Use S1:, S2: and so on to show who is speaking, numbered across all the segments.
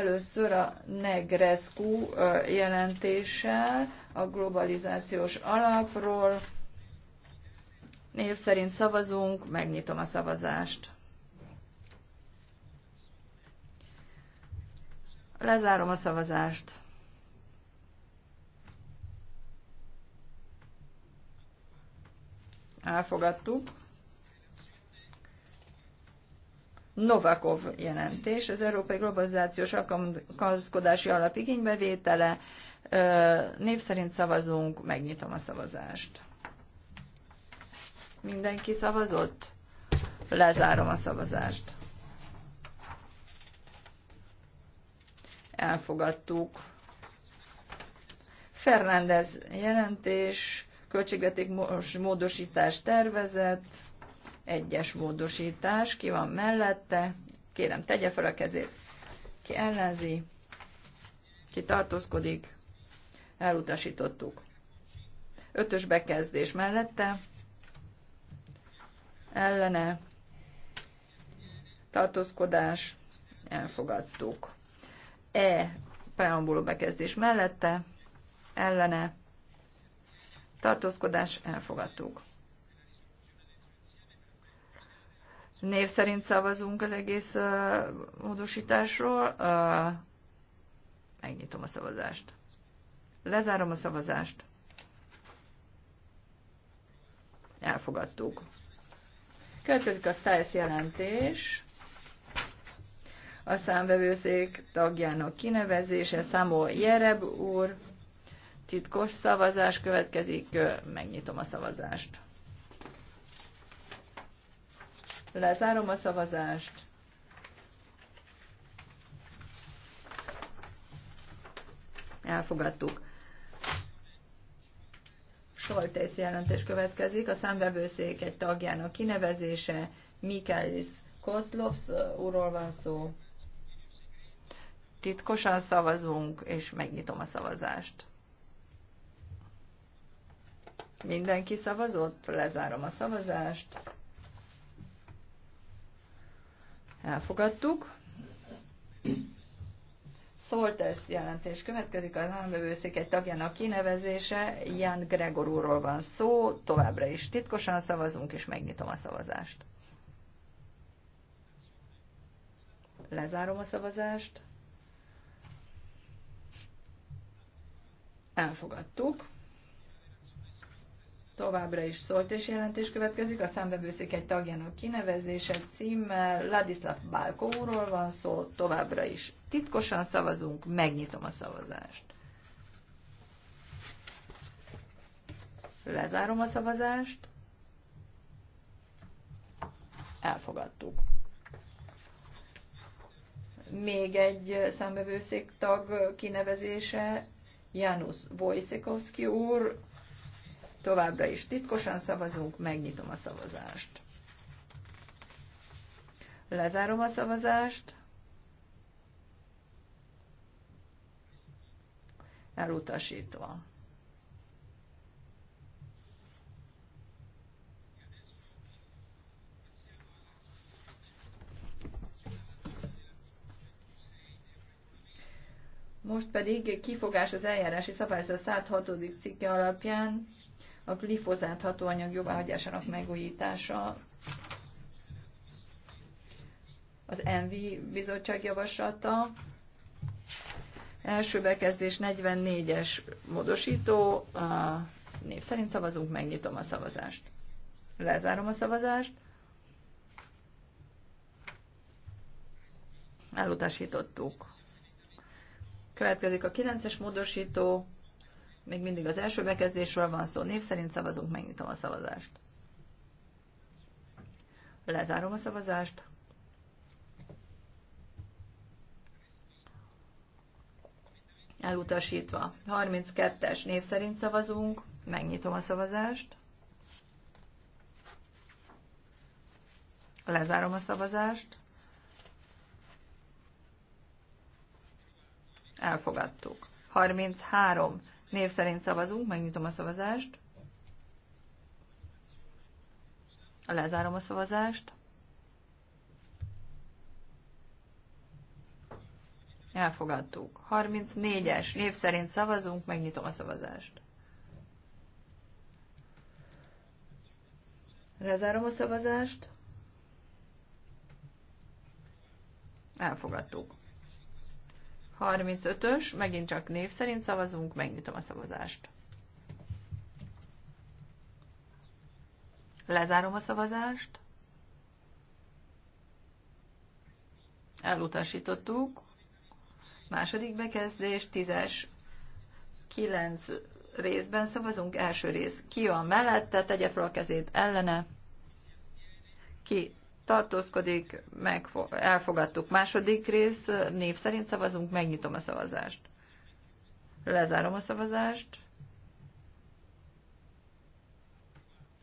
S1: Először a Negrescu jelentéssel, a globalizációs alapról. Név szerint szavazunk, megnyitom a szavazást. Lezárom a szavazást. Elfogadtuk. Novakov jelentés, az Európai Globalizációs Alkalmazkodási Alap igénybevétele. Név szerint szavazunk, megnyitom a szavazást. Mindenki szavazott? Lezárom a szavazást. Elfogadtuk. Fernández jelentés, költségvetés módosítás tervezett egyes módosítás, ki van mellette, kérem tegye fel a kezét, ki ellenzi, ki tartózkodik, elutasítottuk. Ötös bekezdés mellette, ellene, tartózkodás, elfogadtuk. E preambuló bekezdés mellette, ellene, tartózkodás, elfogadtuk. Név szerint szavazunk az egész módosításról. Megnyitom a szavazást. Lezárom a szavazást. Elfogadtuk. Következik a STILES jelentés. A számvevőszék tagjának kinevezése Számó Jereb úr. Titkos szavazás következik. Megnyitom a szavazást. Lezárom a szavazást. Elfogadtuk. Soltész jelentés következik. A számvevőszék egy tagjának kinevezése, Mikelis Koszlovsz úrról van szó. Titkosan szavazunk, és megnyitom a szavazást. Mindenki szavazott, lezárom a szavazást. Elfogadtuk. Szoltes jelentés következik, az államvevőszék egy tagjának kinevezése, Jan Gregor úrról van szó, továbbra is titkosan szavazunk, és megnyitom a szavazást. Lezárom a szavazást. Elfogadtuk továbbra is szólt és jelentés következik. A számvevőszék egy tagjának kinevezése címmel Ladislav Balko úrról van szó, továbbra is titkosan szavazunk, megnyitom a szavazást. Lezárom a szavazást. Elfogadtuk. Még egy számbevőszék tag kinevezése, Janusz Wojciechowski úr, Továbbra is titkosan szavazunk, megnyitom a szavazást. Lezárom a szavazást. Elutasítva. Most pedig kifogás az eljárási szabályzat 106. cikke alapján a glifozát hatóanyag jóváhagyásának megújítása az ENVI bizottság javaslata. Első bekezdés 44-es módosító, a név szerint szavazunk, megnyitom a szavazást. Lezárom a szavazást. Elutasítottuk. Következik a 9-es módosító, még mindig az első bekezdésről van szó. Név szerint szavazunk, megnyitom a szavazást. Lezárom a szavazást. Elutasítva. 32-es név szerint szavazunk. Megnyitom a szavazást. Lezárom a szavazást. Elfogadtuk. 33 Név szerint szavazunk, megnyitom a szavazást. Lezárom a szavazást. Elfogadtuk. 34-es név szerint szavazunk, megnyitom a szavazást. Lezárom a szavazást. Elfogadtuk. 35-ös, megint csak név szerint szavazunk, megnyitom a szavazást. Lezárom a szavazást. Elutasítottuk. Második bekezdés, 10-es, 9 részben szavazunk. Első rész, ki van mellette, tegye fel a kezét ellene. Ki tartózkodik, meg, elfogadtuk. Második rész, név szerint szavazunk, megnyitom a szavazást. Lezárom a szavazást.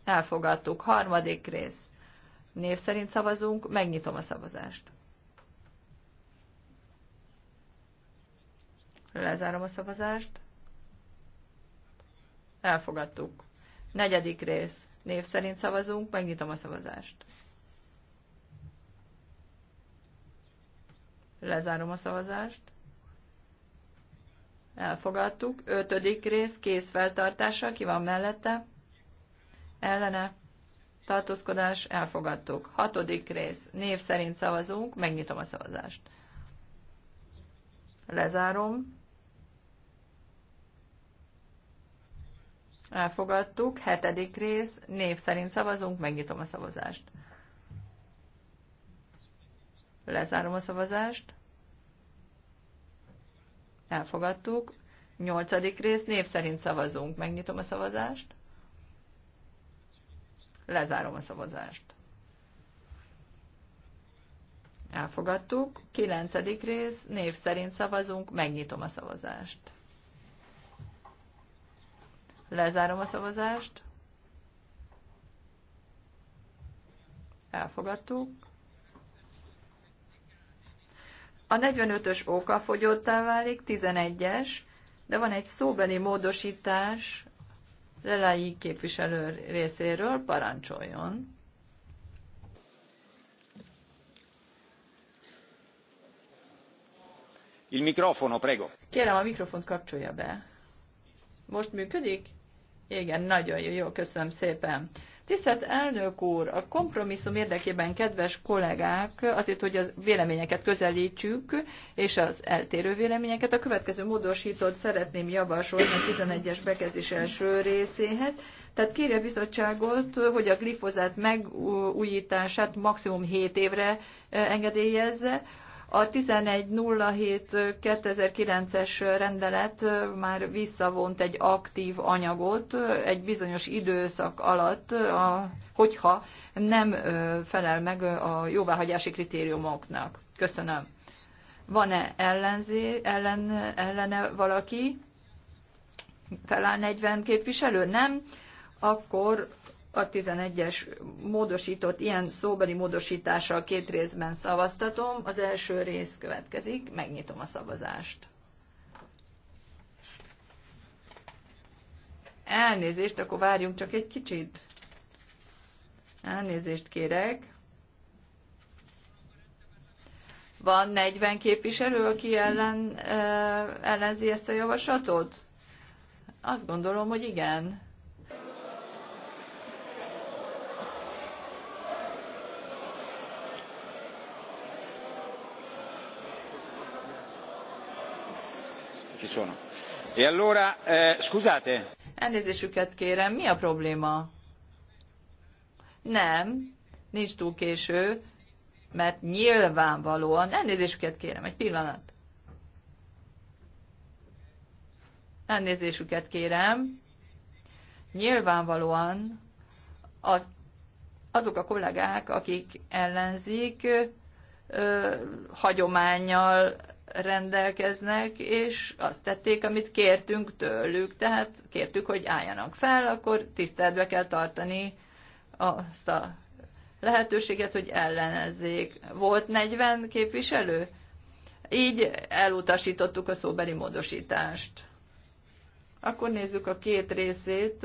S1: Elfogadtuk. Harmadik rész. Név szerint szavazunk, megnyitom a szavazást. Lezárom a szavazást. Elfogadtuk. Negyedik rész. Név szerint szavazunk, megnyitom a szavazást. Lezárom a szavazást. Elfogadtuk. Ötödik rész, kész feltartása, ki van mellette? Ellene. Tartózkodás, elfogadtuk. Hatodik rész, név szerint szavazunk, megnyitom a szavazást. Lezárom. Elfogadtuk. Hetedik rész, név szerint szavazunk, megnyitom a szavazást. Lezárom a szavazást. Elfogadtuk. Nyolcadik rész, név szerint szavazunk. Megnyitom a szavazást. Lezárom a szavazást. Elfogadtuk. Kilencedik rész, név szerint szavazunk. Megnyitom a szavazást. Lezárom a szavazást. Elfogadtuk. A 45-ös óka fogyottá válik, 11-es, de van egy szóbeli módosítás Lelai képviselő részéről, parancsoljon.
S2: Il microfono, prego.
S1: Kérem, a mikrofont kapcsolja be. Most működik? Igen, nagyon jó, jó köszönöm szépen. Tisztelt elnök úr, a kompromisszum érdekében kedves kollégák, azért, hogy a az véleményeket közelítsük, és az eltérő véleményeket, a következő módosítót szeretném javasolni a 11-es bekezdés első részéhez. Tehát kérje a bizottságot, hogy a glifozát megújítását maximum 7 évre engedélyezze, a 1107-2009-es rendelet már visszavont egy aktív anyagot egy bizonyos időszak alatt, a, hogyha nem felel meg a jóváhagyási kritériumoknak. Köszönöm. Van-e ellenzé, ellen, ellene valaki? Feláll 40 képviselő? Nem? Akkor a 11-es módosított, ilyen szóbeli módosítással két részben szavaztatom. Az első rész következik, megnyitom a szavazást. Elnézést, akkor várjunk csak egy kicsit. Elnézést kérek. Van 40 képviselő, aki ellen, ellenzi ezt a javaslatot? Azt gondolom, hogy igen.
S2: Ci e eh,
S1: Elnézésüket kérem, mi a probléma? Nem, nincs túl késő, mert nyilvánvalóan, elnézésüket kérem, egy pillanat. Elnézésüket kérem, nyilvánvalóan az, azok a kollégák, akik ellenzik, ö, hagyományjal rendelkeznek, és azt tették, amit kértünk tőlük, tehát kértük, hogy álljanak fel, akkor tiszteletbe kell tartani azt a lehetőséget, hogy ellenezzék. Volt 40 képviselő? Így elutasítottuk a szóbeli módosítást. Akkor nézzük a két részét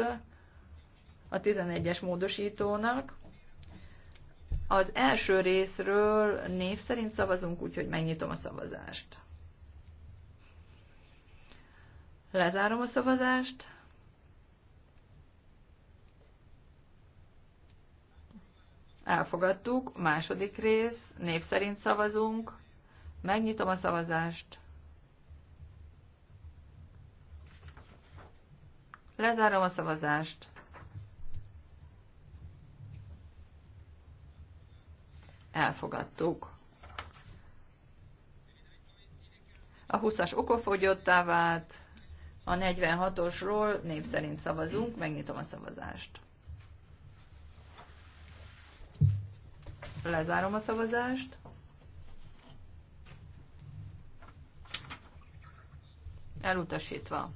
S1: a 11-es módosítónak. Az első részről név szerint szavazunk, úgyhogy megnyitom a szavazást. Lezárom a szavazást. Elfogadtuk. Második rész. Név szerint szavazunk. Megnyitom a szavazást. Lezárom a szavazást. elfogadtuk. A 20-as okofogyottá vált, a 46-osról név szerint szavazunk, megnyitom a szavazást. Lezárom a szavazást. Elutasítva.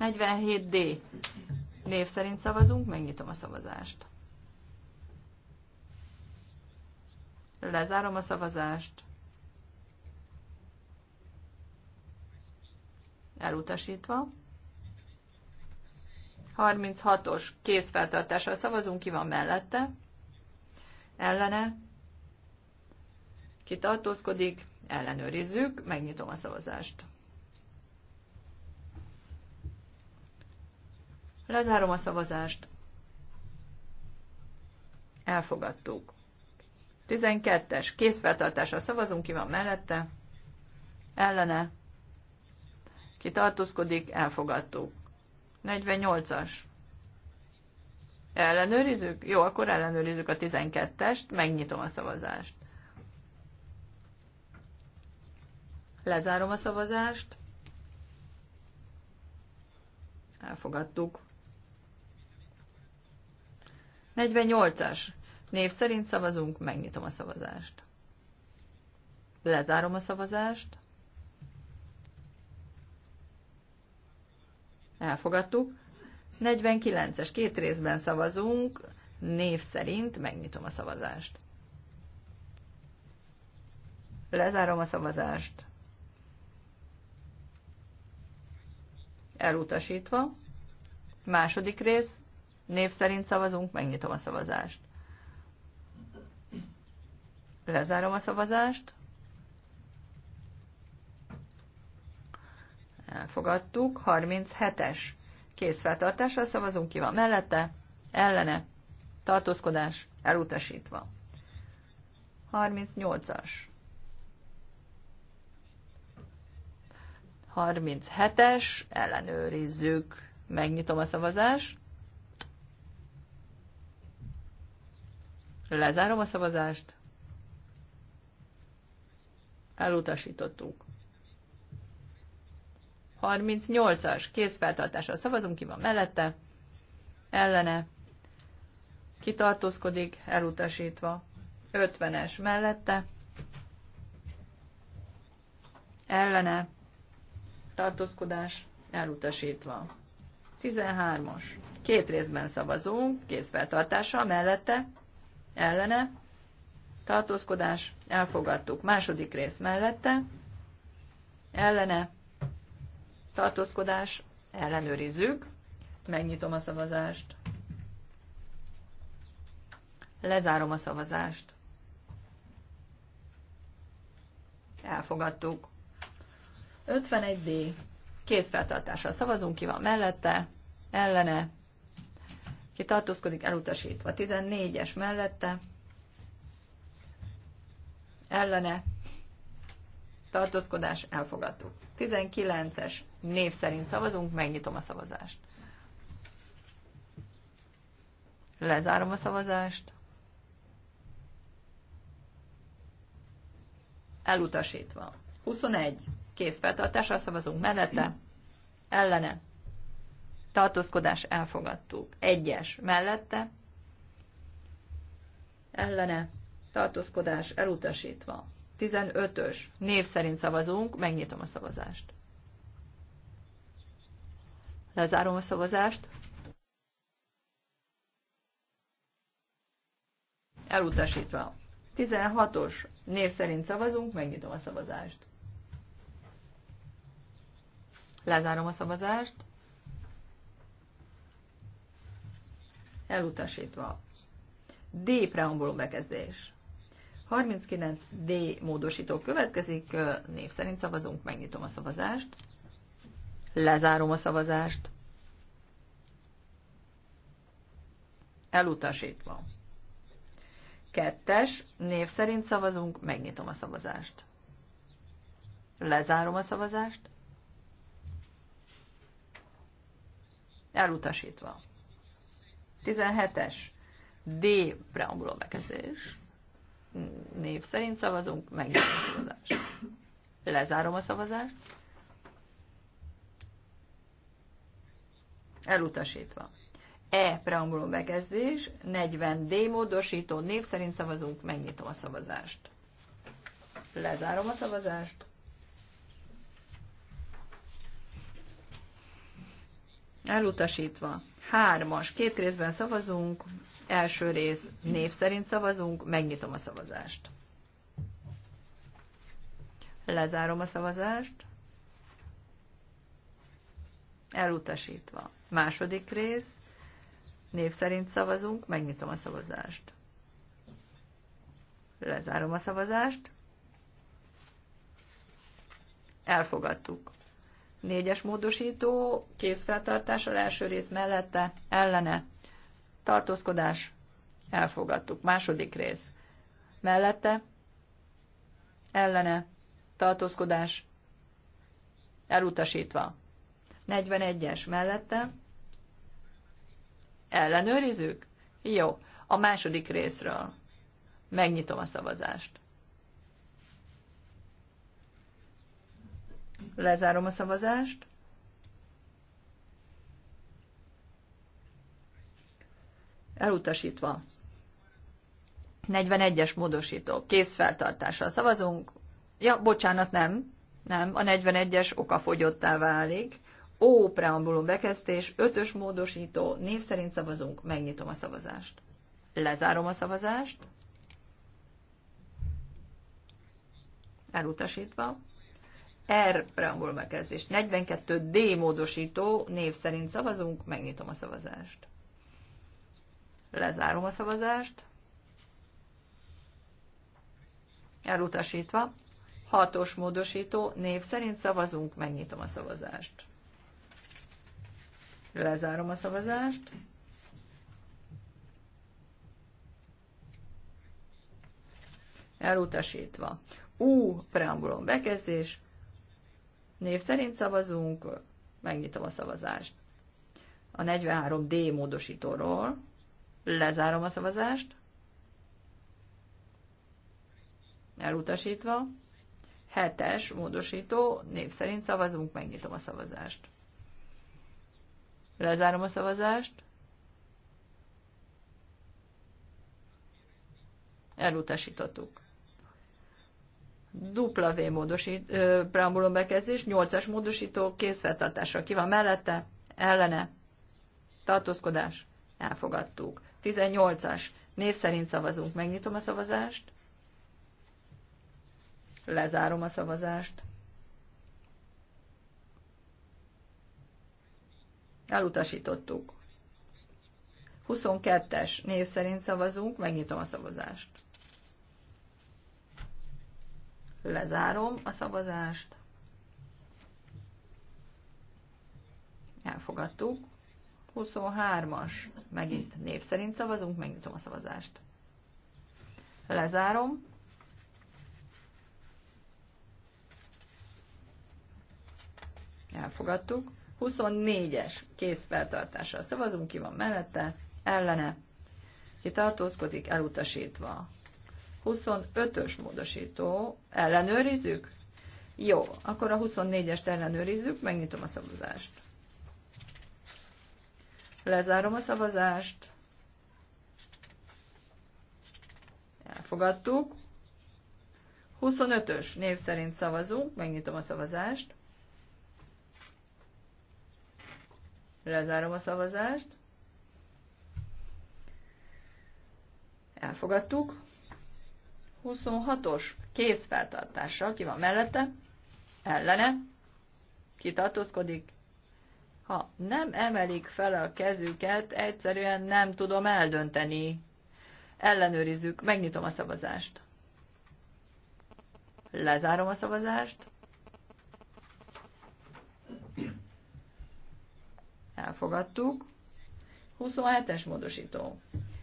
S1: 47D. Név szerint szavazunk, megnyitom a szavazást. Lezárom a szavazást. Elutasítva. 36-os készfeltartással szavazunk, ki van mellette. Ellene. Ki tartózkodik, ellenőrizzük, megnyitom a szavazást. Lezárom a szavazást. Elfogadtuk. 12-es készfeltartásra szavazunk, ki van mellette, ellene, ki tartózkodik, elfogadtuk. 48-as. Ellenőrizzük? Jó, akkor ellenőrizzük a 12-est, megnyitom a szavazást. Lezárom a szavazást. Elfogadtuk. 48-as. Név szerint szavazunk, megnyitom a szavazást. Lezárom a szavazást. Elfogadtuk. 49-es két részben szavazunk, név szerint megnyitom a szavazást. Lezárom a szavazást. Elutasítva. Második rész. Név szerint szavazunk, megnyitom a szavazást. Lezárom a szavazást. Elfogadtuk. 37-es. feltartással szavazunk. Ki van mellette? Ellene. Tartózkodás elutasítva. 38-as. 37-es, ellenőrizzük. Megnyitom a szavazást. Lezárom a szavazást elutasítottuk. 38-as készfeltartással szavazunk, ki van mellette, ellene, kitartózkodik, elutasítva. 50-es mellette, ellene, tartózkodás, elutasítva. 13-as. Két részben szavazunk, készfeltartással mellette, ellene, tartózkodás, elfogadtuk. Második rész mellette, ellene, tartózkodás, ellenőrizzük. Megnyitom a szavazást. Lezárom a szavazást. Elfogadtuk. 51D. Készfeltartással szavazunk, ki van mellette, ellene, ki tartózkodik, elutasítva. 14-es mellette, ellene tartózkodás elfogadtuk. 19-es név szerint szavazunk, megnyitom a szavazást. Lezárom a szavazást. Elutasítva. 21. kész feltartással szavazunk mellette. Ellene. Tartózkodás elfogadtuk. Egyes mellette. Ellene tartózkodás elutasítva. 15-ös név szerint szavazunk, megnyitom a szavazást. Lezárom a szavazást. Elutasítva. 16-os név szerint szavazunk, megnyitom a szavazást. Lezárom a szavazást. Elutasítva. D preambulum bekezdés. 39D módosító következik, név szerint szavazunk, megnyitom a szavazást, lezárom a szavazást, elutasítva. Kettes, név szerint szavazunk, megnyitom a szavazást. Lezárom a szavazást. Elutasítva. 17-es. D. Preambuló bekezdés név szerint szavazunk, megnyitom a szavazást. Lezárom a szavazást. Elutasítva. E preambulum bekezdés, 40D módosító név szerint szavazunk, megnyitom a szavazást. Lezárom a szavazást. Elutasítva. Hármas. Két részben szavazunk. Első rész név szerint szavazunk, megnyitom a szavazást. Lezárom a szavazást. Elutasítva. Második rész. Név szerint szavazunk, megnyitom a szavazást. Lezárom a szavazást. Elfogadtuk. Négyes módosító, kézfeltartással első rész mellette, ellene, tartózkodás, elfogadtuk. Második rész, mellette, ellene, tartózkodás, elutasítva. 41-es mellette, ellenőrizzük? Jó, a második részről. Megnyitom a szavazást. Lezárom a szavazást. Elutasítva. 41-es módosító. Készfeltartással szavazunk. Ja, bocsánat, nem. Nem, a 41-es okafogyottá válik. Ó, preambulum bekezdés, 5-ös módosító, név szerint szavazunk, megnyitom a szavazást. Lezárom a szavazást. Elutasítva. R preambulum bekezdés, 42D módosító, név szerint szavazunk, megnyitom a szavazást. Lezárom a szavazást. Elutasítva. Hatos módosító név szerint szavazunk, megnyitom a szavazást. Lezárom a szavazást. Elutasítva. U, preambulon bekezdés. Név szerint szavazunk, megnyitom a szavazást. A 43D módosítóról Lezárom a szavazást. Elutasítva. Hetes módosító, név szerint szavazunk, megnyitom a szavazást. Lezárom a szavazást. Elutasítottuk. Dupla módosít, ö, preambulum bekezdés, 8-as módosító, készfeltartásra ki van mellette, ellene, tartózkodás, elfogadtuk. 18-as. Név szerint szavazunk. Megnyitom a szavazást. Lezárom a szavazást. Elutasítottuk. 22-es név szerint szavazunk, megnyitom a szavazást.
S2: Lezárom
S1: a szavazást. Elfogadtuk. 23-as. Megint név szerint szavazunk, megnyitom a szavazást. Lezárom. Elfogadtuk. 24-es kész feltartással szavazunk, ki van mellette, ellene, ki tartózkodik, elutasítva. 25-ös módosító, ellenőrizzük? Jó, akkor a 24-est ellenőrizzük, megnyitom a szavazást. Lezárom a szavazást. Elfogadtuk. 25-ös név szerint szavazunk. Megnyitom a szavazást. Lezárom a szavazást. Elfogadtuk. 26-os feltartással. ki van mellette, ellene, kitartózkodik, ha nem emelik fel a kezüket, egyszerűen nem tudom eldönteni. Ellenőrizzük, megnyitom a szavazást. Lezárom a szavazást. Elfogadtuk. 27-es módosító.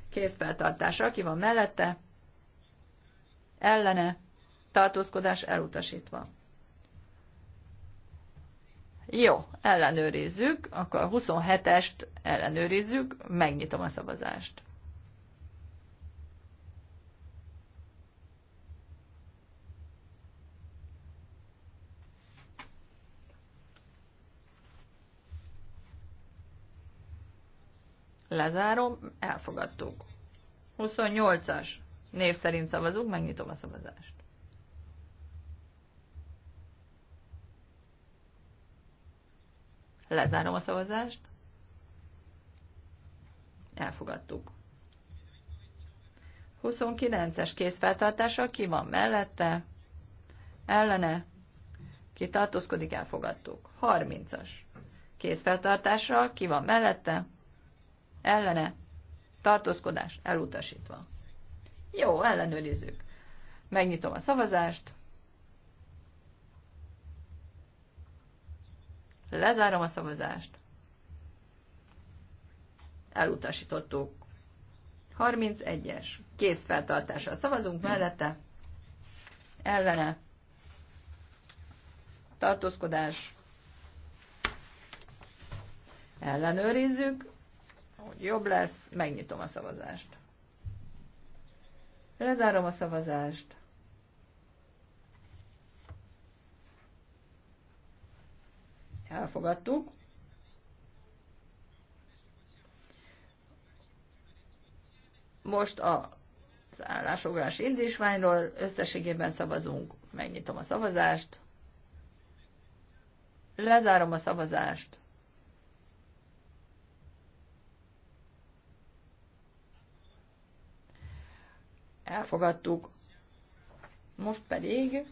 S1: Kézfeltartása, aki van mellette, ellene, tartózkodás elutasítva. Jó, ellenőrizzük, akkor a 27-est ellenőrizzük, megnyitom a szavazást. Lezárom, elfogadtuk. 28-as. Név szerint szavazunk, megnyitom a szavazást. Lezárom a szavazást. Elfogadtuk. 29-es készfeltartása, ki van mellette, ellene, ki tartózkodik, elfogadtuk. 30-as készfeltartása, ki van mellette, ellene, tartózkodás, elutasítva. Jó, ellenőrizzük. Megnyitom a szavazást. Lezárom a szavazást. Elutasítottuk. 31-es. Kész feltartással szavazunk mellette. Ellene. Tartózkodás. Ellenőrizzük, hogy jobb lesz. Megnyitom a szavazást. Lezárom a szavazást. elfogadtuk. Most a állásfoglalás indítványról összességében szavazunk. Megnyitom a szavazást. Lezárom a szavazást. Elfogadtuk. Most pedig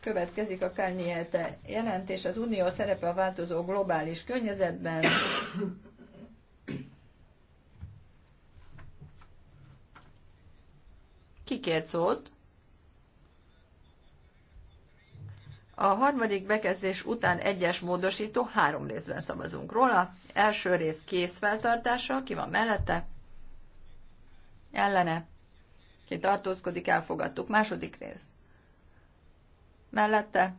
S1: Következik a Kárnyélte jelentés, az unió szerepe a változó globális környezetben. Kikért szót? A harmadik bekezdés után egyes módosító három részben szavazunk róla. Első rész kész feltartása, ki van mellette? Ellene. Ki tartózkodik, elfogadtuk. Második rész mellette,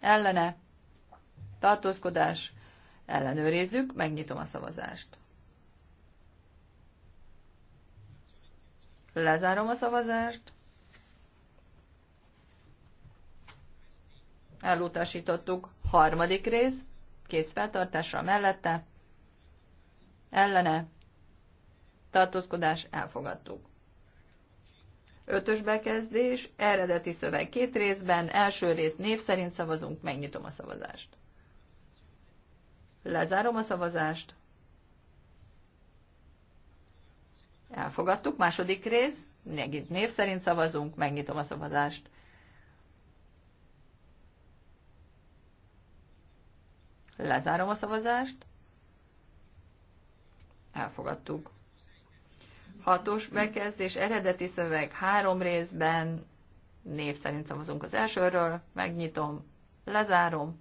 S1: ellene, tartózkodás, ellenőrizzük, megnyitom a szavazást. Lezárom a szavazást. Elutasítottuk. Harmadik rész. Kész feltartásra mellette. Ellene. Tartózkodás. Elfogadtuk. Ötös bekezdés, eredeti szöveg két részben, első rész név szerint szavazunk, megnyitom a szavazást. Lezárom a szavazást. Elfogadtuk, második rész, megint név szerint szavazunk, megnyitom a szavazást. Lezárom a szavazást. Elfogadtuk. Hatos bekezdés, eredeti szöveg három részben, név szerint szavazunk az elsőről, megnyitom, lezárom.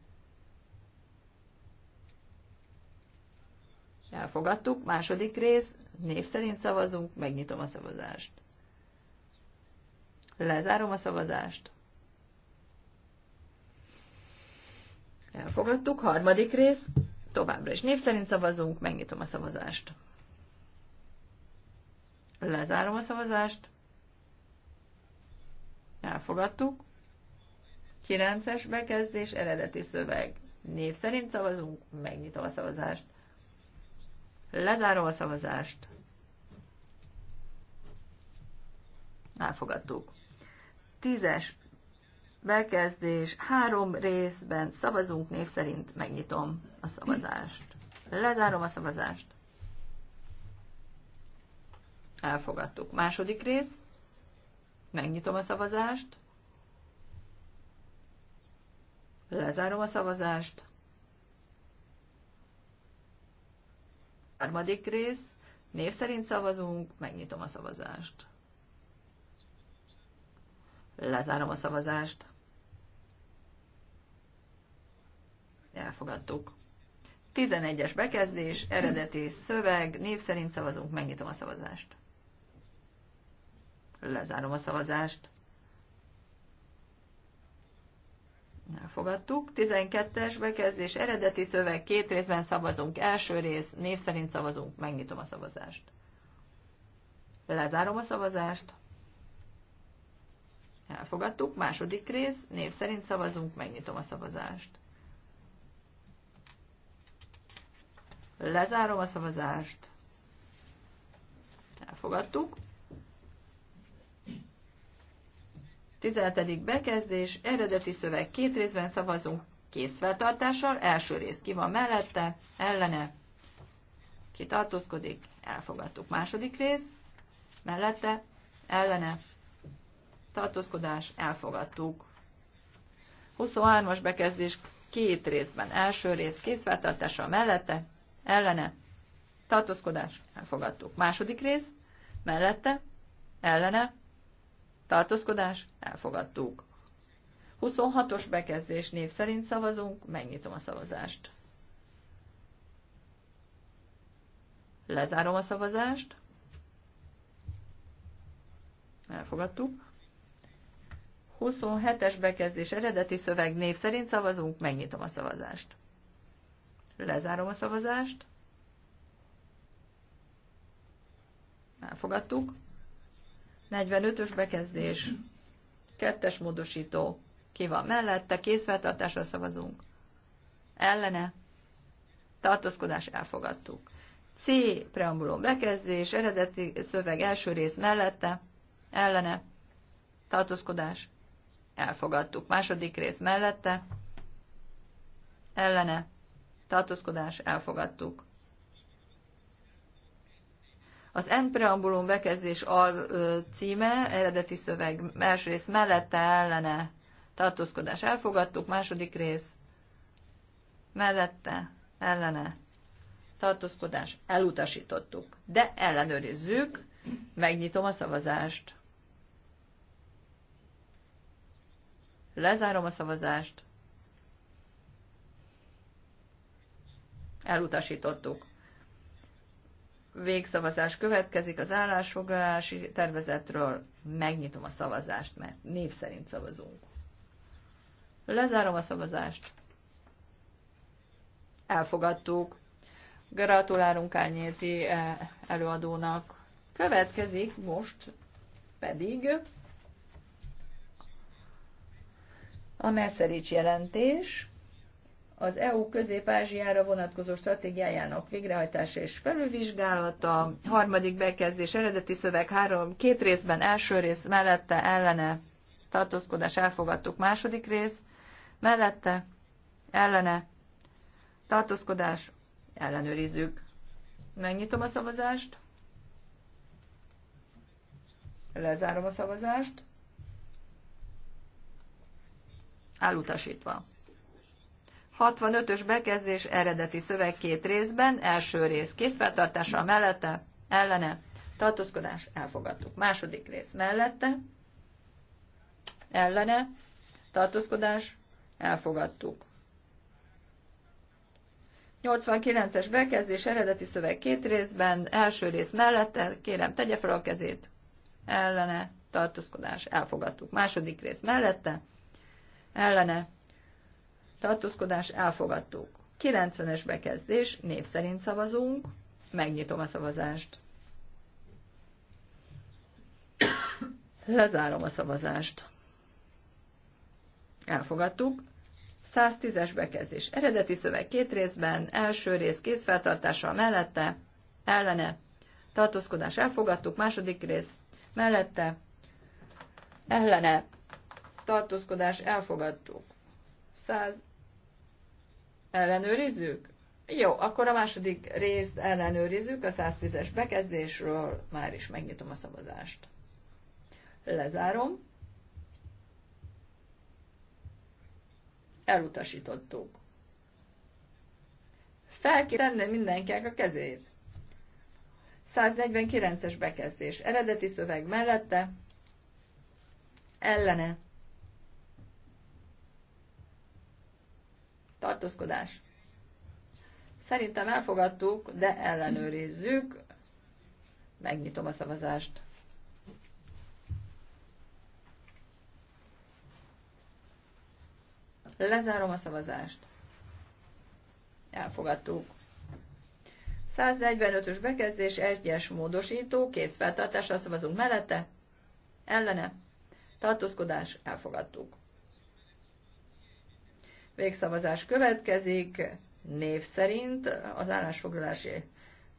S1: Elfogadtuk, második rész, név szerint szavazunk, megnyitom a szavazást. Lezárom a szavazást. Elfogadtuk, harmadik rész, továbbra is név szerint szavazunk, megnyitom a szavazást. Lezárom a szavazást. Elfogadtuk. 9-es bekezdés, eredeti szöveg. Név szerint szavazunk, megnyitom a szavazást. Lezárom a szavazást. Elfogadtuk. 10-es bekezdés, három részben szavazunk, név szerint megnyitom a szavazást. Lezárom a szavazást. Elfogadtuk. Második rész. Megnyitom a szavazást. Lezárom a szavazást. Harmadik rész. Név szerint szavazunk. Megnyitom a szavazást. Lezárom a szavazást. Elfogadtuk. 11-es bekezdés, eredeti szöveg, név szerint szavazunk, megnyitom a szavazást. Lezárom a szavazást. Elfogadtuk. 12-es bekezdés eredeti szöveg. Két részben szavazunk. Első rész név szerint szavazunk. Megnyitom a szavazást. Lezárom a szavazást. Elfogadtuk. Második rész név szerint szavazunk. Megnyitom a szavazást. Lezárom a szavazást. Elfogadtuk. 15. bekezdés, eredeti szöveg két részben szavazunk készfeltartással, első rész ki van mellette, ellene, ki tartózkodik, elfogadtuk. Második rész, mellette, ellene, tartózkodás, elfogadtuk. 23-as bekezdés két részben, első rész készfeltartással mellette, ellene, tartózkodás, elfogadtuk. Második rész, mellette, ellene, Tartózkodás? Elfogadtuk. 26-os bekezdés név szerint szavazunk, megnyitom a szavazást. Lezárom a szavazást. Elfogadtuk. 27-es bekezdés eredeti szöveg név szerint szavazunk, megnyitom a szavazást. Lezárom a szavazást. Elfogadtuk. 45-ös bekezdés, kettes módosító, ki van mellette, készfeltartásra szavazunk, ellene, tartózkodás elfogadtuk. C. Preambulum bekezdés, eredeti szöveg első rész mellette, ellene, tartózkodás, elfogadtuk. Második rész mellette, ellene, tartózkodás, elfogadtuk. Az N preambulum bekezdés al címe, eredeti szöveg első rész mellette ellene tartózkodás elfogadtuk, második rész mellette ellene tartózkodás elutasítottuk. De ellenőrizzük, megnyitom a szavazást. Lezárom a szavazást. Elutasítottuk végszavazás következik az állásfoglalási tervezetről. Megnyitom a szavazást, mert név szerint szavazunk. Lezárom a szavazást. Elfogadtuk. Gratulálunk Árnyéti eh, előadónak. Következik most pedig a Meszerics jelentés az EU közép-ázsiára vonatkozó stratégiájának végrehajtása és felülvizsgálata, harmadik bekezdés, eredeti szöveg három, két részben, első rész mellette ellene tartózkodás elfogadtuk, második rész mellette ellene tartózkodás ellenőrizzük. Megnyitom a szavazást, lezárom a szavazást, elutasítva. 65-ös bekezdés eredeti szöveg két részben, első rész készfeltartása mellette, ellene, tartózkodás, elfogadtuk. Második rész mellette, ellene, tartózkodás, elfogadtuk. 89-es bekezdés eredeti szöveg két részben, első rész mellette, kérem, tegye fel a kezét, ellene, tartózkodás, elfogadtuk. Második rész mellette, ellene, tartózkodás elfogadtuk. 90-es bekezdés, név szerint szavazunk, megnyitom a szavazást. Lezárom a szavazást. Elfogadtuk. 110-es bekezdés. Eredeti szöveg két részben, első rész készfeltartással mellette, ellene, tartózkodás elfogadtuk, második rész mellette, ellene, tartózkodás elfogadtuk. 100 Ellenőrizzük? Jó, akkor a második részt ellenőrizzük, a 110-es bekezdésről már is megnyitom a szavazást. Lezárom. Elutasítottuk. Fel kell tenni mindenkinek a kezét. 149-es bekezdés. Eredeti szöveg mellette. Ellene. tartózkodás. Szerintem elfogadtuk, de ellenőrizzük. Megnyitom a szavazást. Lezárom a szavazást. Elfogadtuk. 145-ös bekezdés, egyes módosító, kész feltartásra szavazunk mellette, ellene, tartózkodás, elfogadtuk. Végszavazás következik, név szerint az állásfoglalási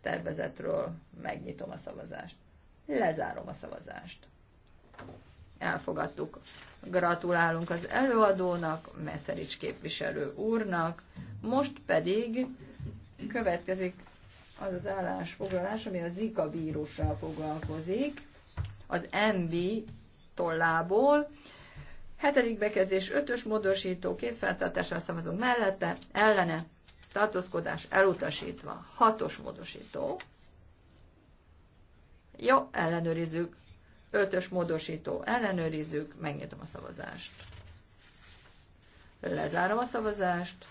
S1: tervezetről megnyitom a szavazást. Lezárom a szavazást. Elfogadtuk. Gratulálunk az előadónak, Meszerics képviselő úrnak. Most pedig következik az az állásfoglalás, ami a Zika vírussal foglalkozik, az MB tollából. Hetedik bekezdés, ötös módosító, készfeltartással szavazunk mellette, ellene, tartózkodás elutasítva. Hatos módosító. Jó, ellenőrizzük. Ötös módosító, ellenőrizzük, megnyitom a szavazást. Lezárom a szavazást.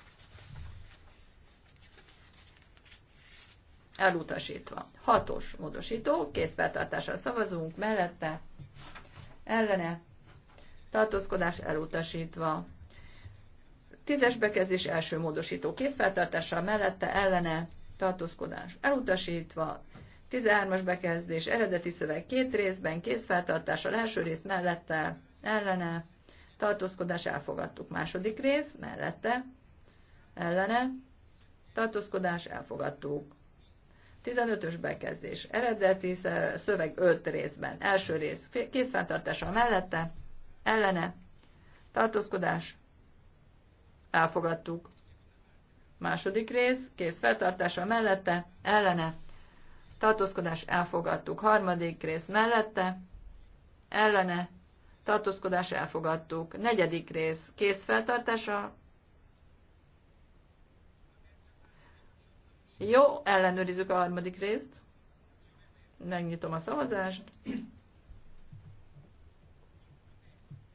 S1: Elutasítva. Hatos módosító, készfeltartással szavazunk, mellette, ellene, tartózkodás elutasítva. Tízes bekezdés első módosító készfeltartással mellette ellene tartózkodás elutasítva. 13-as bekezdés eredeti szöveg két részben készfeltartással első rész mellette ellene tartózkodás elfogadtuk. Második rész mellette ellene tartózkodás elfogadtuk. 15-ös bekezdés eredeti szöveg 5 részben első rész készfeltartással mellette ellene, tartózkodás, elfogadtuk. Második rész, kész feltartása mellette, ellene, tartózkodás, elfogadtuk. Harmadik rész mellette, ellene, tartózkodás, elfogadtuk. Negyedik rész, kész feltartása, jó, ellenőrizzük a harmadik részt. Megnyitom a szavazást.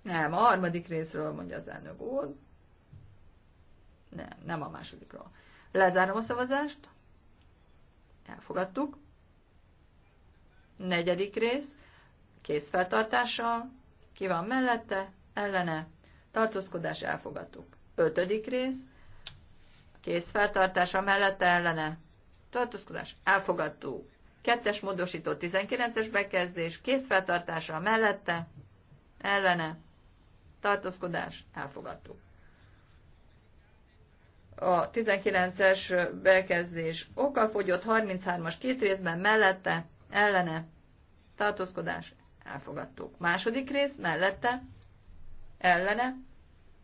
S1: Nem, a harmadik részről mondja az elnök úr. Nem, nem a másodikról. Lezárom a szavazást. Elfogadtuk. Negyedik rész. Készfeltartása. Ki van mellette? Ellene. Tartózkodás elfogadtuk. Ötödik rész. Készfeltartása mellette ellene. Tartózkodás elfogadtuk. Kettes módosító 19-es bekezdés. Készfeltartása mellette. Ellene tartózkodás, elfogadtuk. A 19-es bekezdés fogyott 33-as két részben mellette, ellene, tartózkodás, elfogadtuk. Második rész mellette, ellene,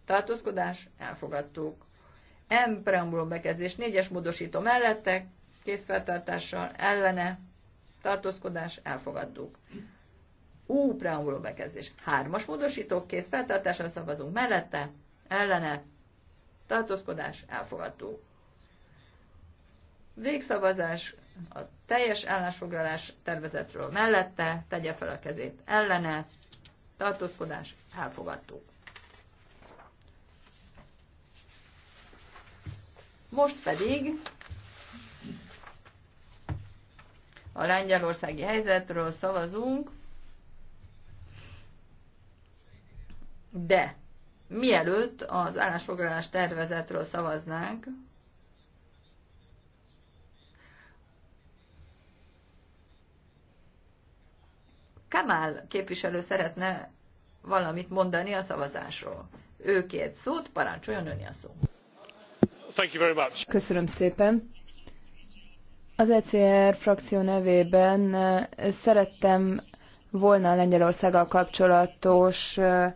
S1: tartózkodás, elfogadtuk. M preambuló bekezdés, 4-es módosító mellette, készfeltartással, ellene, tartózkodás, elfogadtuk. U preambuló bekezdés. Hármas módosítók, kész feltartásra szavazunk mellette, ellene, tartózkodás, elfogadó. Végszavazás a teljes állásfoglalás tervezetről mellette, tegye fel a kezét ellene, tartózkodás, elfogadó. Most pedig a lengyelországi helyzetről szavazunk. De mielőtt az állásfoglalás tervezetről szavaznánk, Kamál képviselő szeretne valamit mondani a szavazásról. Ő két szót, parancsoljon önni a szó. Thank you very
S2: much. Köszönöm szépen. Az ECR frakció nevében eh, szerettem volna a Lengyelországgal kapcsolatos eh,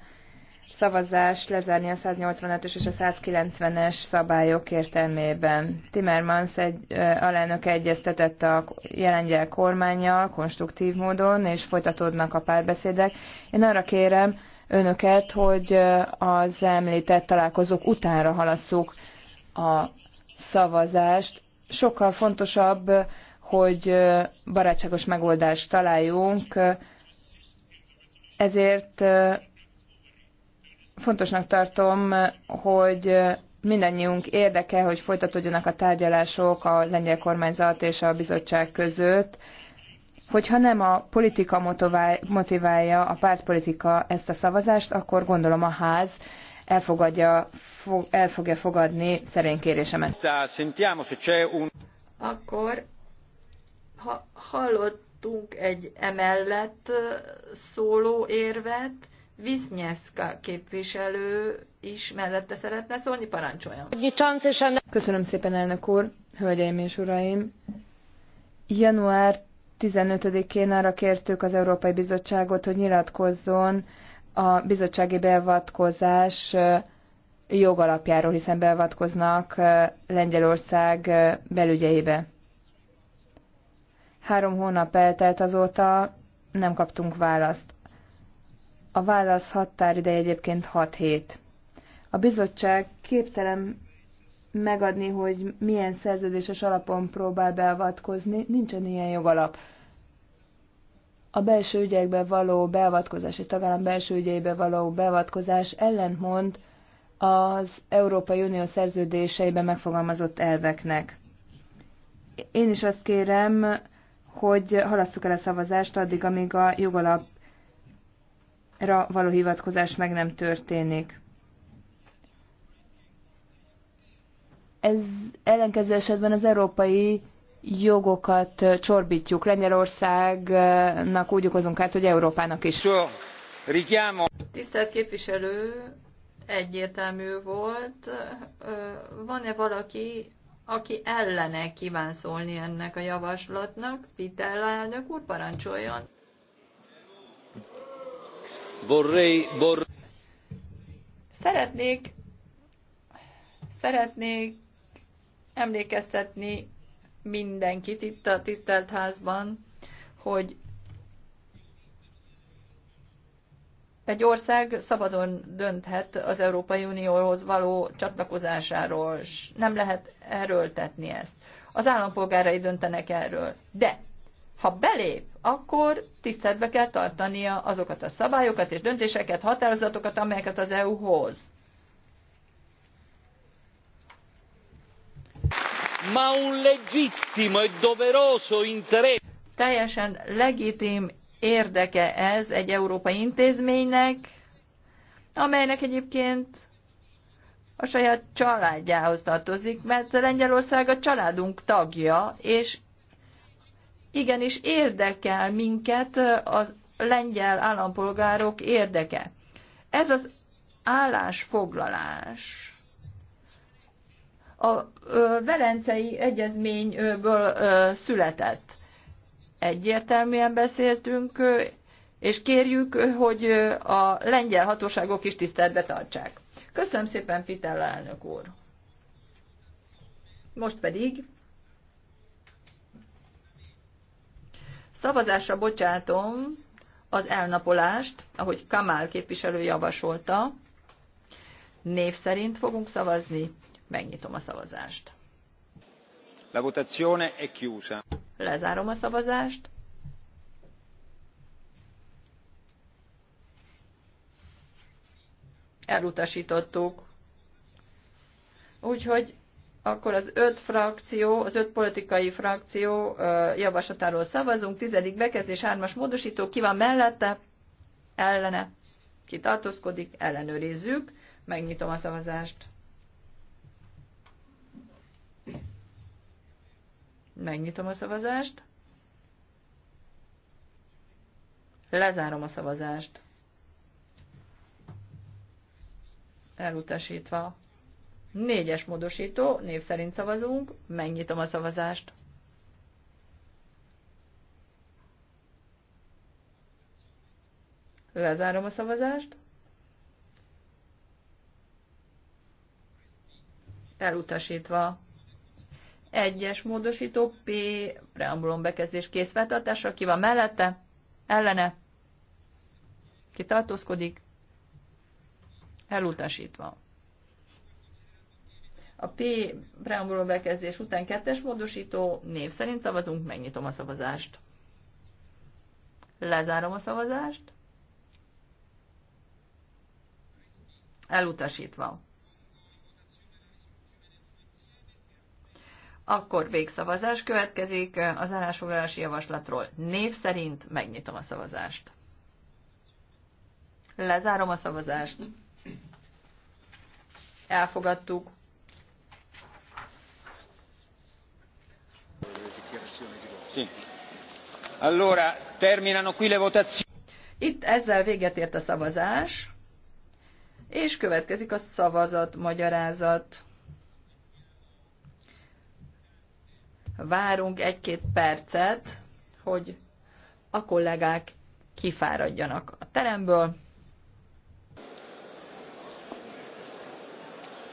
S2: szavazást lezárni a 185-ös és a 190-es szabályok értelmében. Timmermans egy, alelnök egyeztetett a jelengyel kormányjal konstruktív módon, és folytatódnak a párbeszédek. Én arra kérem önöket, hogy az említett találkozók utánra halasszuk a szavazást. Sokkal fontosabb, hogy barátságos megoldást találjunk, ezért Fontosnak tartom, hogy mindannyiunk érdeke, hogy folytatódjanak a tárgyalások a lengyel kormányzat és a bizottság között, hogyha nem a politika motiválja, a pártpolitika ezt a szavazást, akkor gondolom a ház elfogadja, fog, el fogja fogadni szerény kérésemet. Akkor
S1: ha hallottunk egy emellett szóló érvet, Viznyeszka képviselő is mellette szeretne szólni, parancsoljon.
S2: Köszönöm szépen, elnök úr, hölgyeim és uraim. Január 15-én arra kértük az Európai Bizottságot, hogy nyilatkozzon a bizottsági beavatkozás jogalapjáról, hiszen beavatkoznak Lengyelország belügyeibe. Három hónap eltelt azóta, nem kaptunk választ. A válasz határideje egyébként 6 hét. A bizottság képtelen megadni, hogy milyen szerződéses alapon próbál beavatkozni, nincsen ilyen jogalap. A belső ügyekbe való beavatkozás, egy tagállam belső ügyeibe való beavatkozás ellentmond az Európai Unió szerződéseiben megfogalmazott elveknek. Én is azt kérem, hogy halasszuk el a szavazást addig, amíg a jogalap ra való hivatkozás meg nem történik. Ez ellenkező esetben az európai jogokat csorbítjuk. Lengyelországnak úgy okozunk át, hogy Európának is.
S1: Tisztelt képviselő, egyértelmű volt. Van-e valaki, aki ellene kíván szólni ennek a javaslatnak? Pitella elnök úr, parancsoljon! Szeretnék, szeretnék emlékeztetni mindenkit itt a tisztelt házban, hogy egy ország szabadon dönthet az Európai Unióhoz való csatlakozásáról, és nem lehet erőltetni ezt. Az állampolgárai döntenek erről. De ha belép akkor tiszteletbe kell tartania azokat a szabályokat és döntéseket, határozatokat, amelyeket az EU hoz.
S2: Ma un legittimo e doveroso interesse.
S1: Teljesen legitim érdeke ez egy európai intézménynek, amelynek egyébként a saját családjához tartozik, mert Lengyelország a családunk tagja, és igenis érdekel minket az lengyel állampolgárok érdeke. Ez az állásfoglalás a Velencei Egyezményből született. Egyértelműen beszéltünk, és kérjük, hogy a lengyel hatóságok is tiszteletbe tartsák. Köszönöm szépen, Pitella elnök úr! Most pedig Szavazásra bocsátom az elnapolást, ahogy Kamál képviselő javasolta. Név szerint fogunk szavazni. Megnyitom a szavazást.
S2: La votazione è chiusa. Lezárom a
S1: szavazást. Elutasítottuk. Úgyhogy akkor az öt frakció, az öt politikai frakció javaslatáról szavazunk. Tizedik bekezdés, hármas módosító, ki van mellette, ellene, ki tartózkodik, ellenőrizzük. Megnyitom a szavazást. Megnyitom a szavazást. Lezárom a szavazást. Elutasítva. Négyes módosító, név szerint szavazunk, megnyitom a szavazást. Lezárom a szavazást. Elutasítva. Egyes módosító P, preambulum bekezdés készfeltartása, ki van mellette, ellene, ki tartózkodik, elutasítva. A P preambulum bekezdés után kettes módosító név szerint szavazunk, megnyitom a szavazást. Lezárom a szavazást. Elutasítva. Akkor végszavazás következik az állásfoglalási javaslatról. Név szerint megnyitom a szavazást. Lezárom a szavazást. Elfogadtuk. Itt ezzel véget ért a szavazás, és következik a szavazat, magyarázat. Várunk egy-két percet, hogy a kollégák kifáradjanak a teremből.